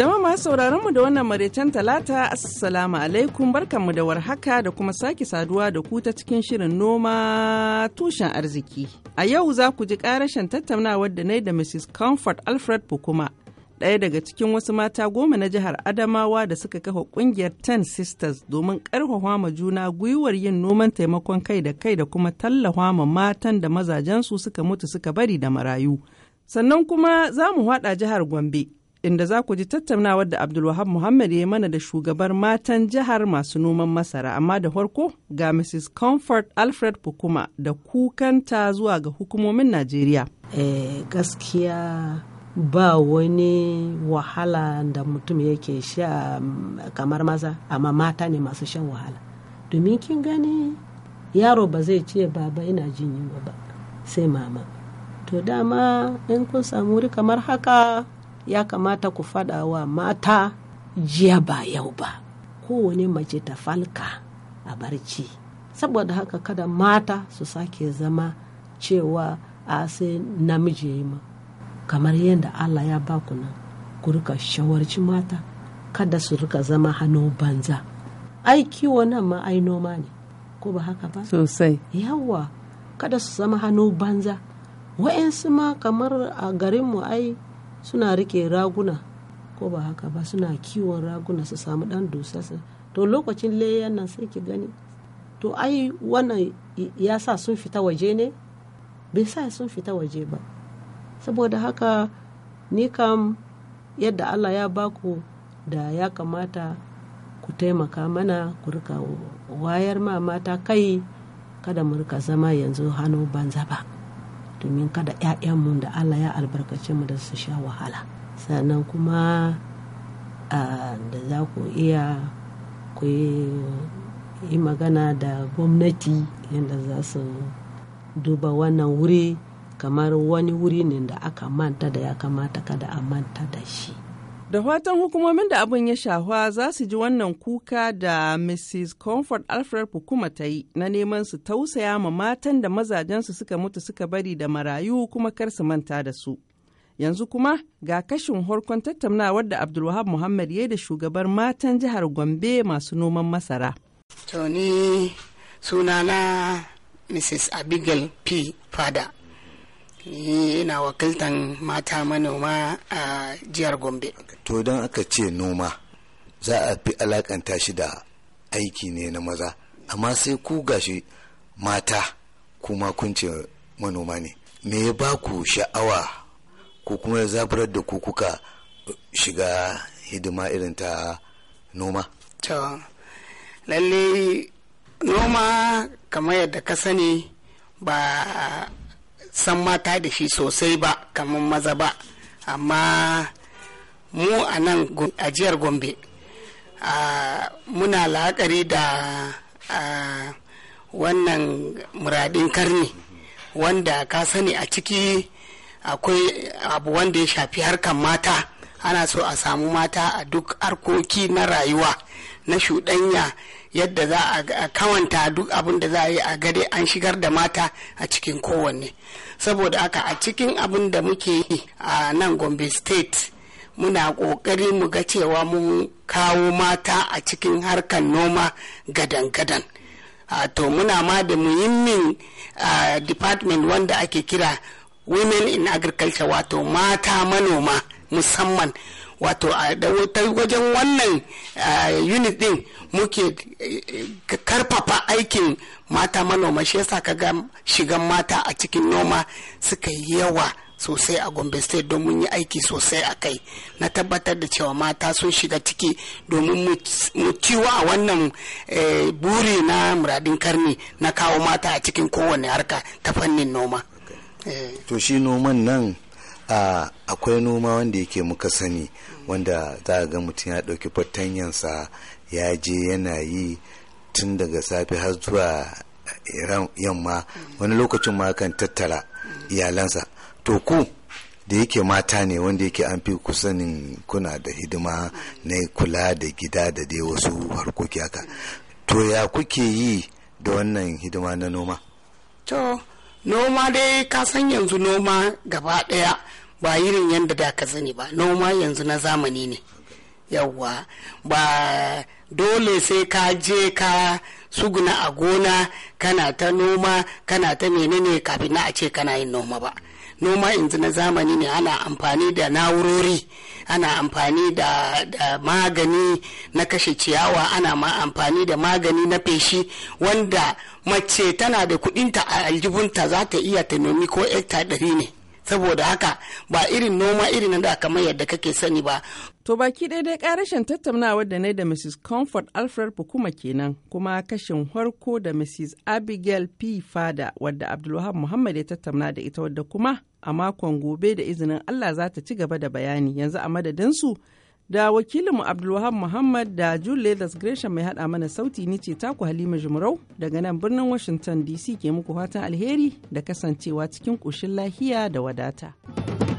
Jama'a masu sauraron da wannan maraicen talata assalamu alaikum barkanmu da warhaka da kuma sake saduwa da ku ta cikin shirin noma tushen arziki. A yau za ku ji karashin tattaunawar da na da Mrs. Comfort Alfred Bukuma, ɗaya daga cikin wasu mata goma na jihar Adamawa da suka kafa ƙungiyar Ten Sisters domin ƙarfafa ma juna gwiwar yin noman taimakon kai da kai da kuma tallafa ma matan da mazajensu suka mutu suka bari da marayu. Sannan kuma za mu haɗa jihar Gombe. inda za ku ji tattaunawar da Abdulwahab Muhammad ya mana da shugabar matan jihar masu noman masara, amma da farko ga Mrs. Comfort Alfred Bukuma da kukanta zuwa ga hukumomin Najeriya. Eh, gaskiya ba wani wahala da mutum yake sha mm, kamar maza, amma mata ne masu shan wahala. Domin kin gani yaro ba zai ce baba ina jin yunwa ba, sai mama. To dama in kun samu kamar haka ya kamata ku faɗa wa mata jiya ba yau ba kowane mace ta falka a barci saboda haka kada mata su sake zama cewa a sai namiji yi ma kamar yadda allah ya ba ku nan ku rika shawarci mata kada su rika zama hannu banza ai kiwo nan ma ai noma ne ko ba haka ba sosai yawa kada su zama hannu banza wa'yansu ma kamar a garinmu ai suna rike raguna ko ba haka ba suna kiwon raguna su samu dan dusa to lokacin layan nan sai ki gani to ai wannan ya sa sun fita waje ne bai sa sun fita waje ba saboda haka ni kam yadda allah ya baku da ya kamata ku taimaka mana ku rika wayar ma mata kai kada mu rika zama yanzu hannu banza ba. domin kada 'ya'yanmu da allah ya albarkace mu da su sha wahala sannan kuma da za ku iya ku yi magana da gwamnati yadda za su duba wannan wuri kamar wani wuri ne da aka manta da ya kamata kada a manta da shi Da fatan hukumomin da abin ya shafa za su ji wannan kuka da Mrs. Comfort Alfred Hukuma ta yi na neman su tausaya ma matan da mazajensu suka mutu suka bari da marayu kuma kar su manta da su. Yanzu kuma ga kashin horkon tattaunawar da Abdulwahab Muhammad ya da shugabar matan jihar Gombe masu noman masara. Tony sunana Mrs. Abigail P. Fada. ni ina wakiltan mata manoma a jihar gombe to don aka ce noma za a fi alakanta shi da aiki ne na maza amma sai ku gashi mata kuma kun ce manoma ne me ya ba ku sha'awa ko kuma ya zaburar da ku kuka shiga hidima irin ta noma to lalle noma kamar yadda ka sani ba san mata da shi sosai ba kamar maza ba amma mu a nan ajiyar gombe muna la'akari da wannan muradin karni wanda ka sani a ciki akwai abu wanda ya shafi harkar mata ana so a samu mata a duk harkoki na rayuwa na shuɗanya yadda za a kawanta duk abin da za a yi a gare an shigar da mata a cikin kowanne saboda haka a cikin abin da muke yi a nan gombe state muna ƙoƙari mu ga cewa mun kawo mata a cikin harkar noma gadan-gadan to muna ma da muhimmin department wanda ake kira women in agriculture wato mata manoma musamman wato a wajen wannan unit din muke eh, karfafa aikin mata manoma shi yasa kaga shigan mata a cikin noma suka yi yawa sosai a gombe state domin yi aiki sosai a kai na tabbatar da cewa mata sun shiga ciki domin mu ciwo a wannan eh, buri na muradin karni na kawo mata a cikin kowane harka ta fannin noma to shi noman nan akwai noma wanda yake muka sani wanda za ga mutum ya ɗauki sa ya je yana yi tun daga safe har zuwa yamma wani lokacin ma kan tattara iyalansa to ku da yake mata ne wanda yake an fi kusanin kuna da hidima na kula da gida da dai wasu harkoki haka to ya kuke yi da wannan hidima na noma to noma dai ka san yanzu noma gaba daya ba irin yadda da ka sani ba noma yanzu na zamani ne yawwa ba dole sai ka je ka suguna a gona kana ta noma kana ta menene kafin na a ce kana yin noma ba noma yanzu na zamani ne ana amfani da na'urori ana amfani da, magani na kashe ciyawa ana amfani da magani na feshi wanda mace tana da kudinta a aljibunta za ta iya ta nomi ko hekta ɗari ne saboda haka ba irin noma irin da aka kamar yadda kake sani ba to baki ɗaya dai ƙarashin tattaunawar da na da mrs comfort alfred bukuma kenan kuma kashin harko da mrs abigail p fada wadda abdulwahab muhammad ya tattauna da ita wadda kuma a makon gobe da izinin allah za ta ci gaba da bayani yanzu a madadinsu su da wakilinmu abdulwahab muhammad da jule das gresham mai hada mana sauti ni ce taku halima jumrau daga nan birnin washington dc ke muku fatan alheri da kasancewa cikin ƙoshin lahiya da wadata.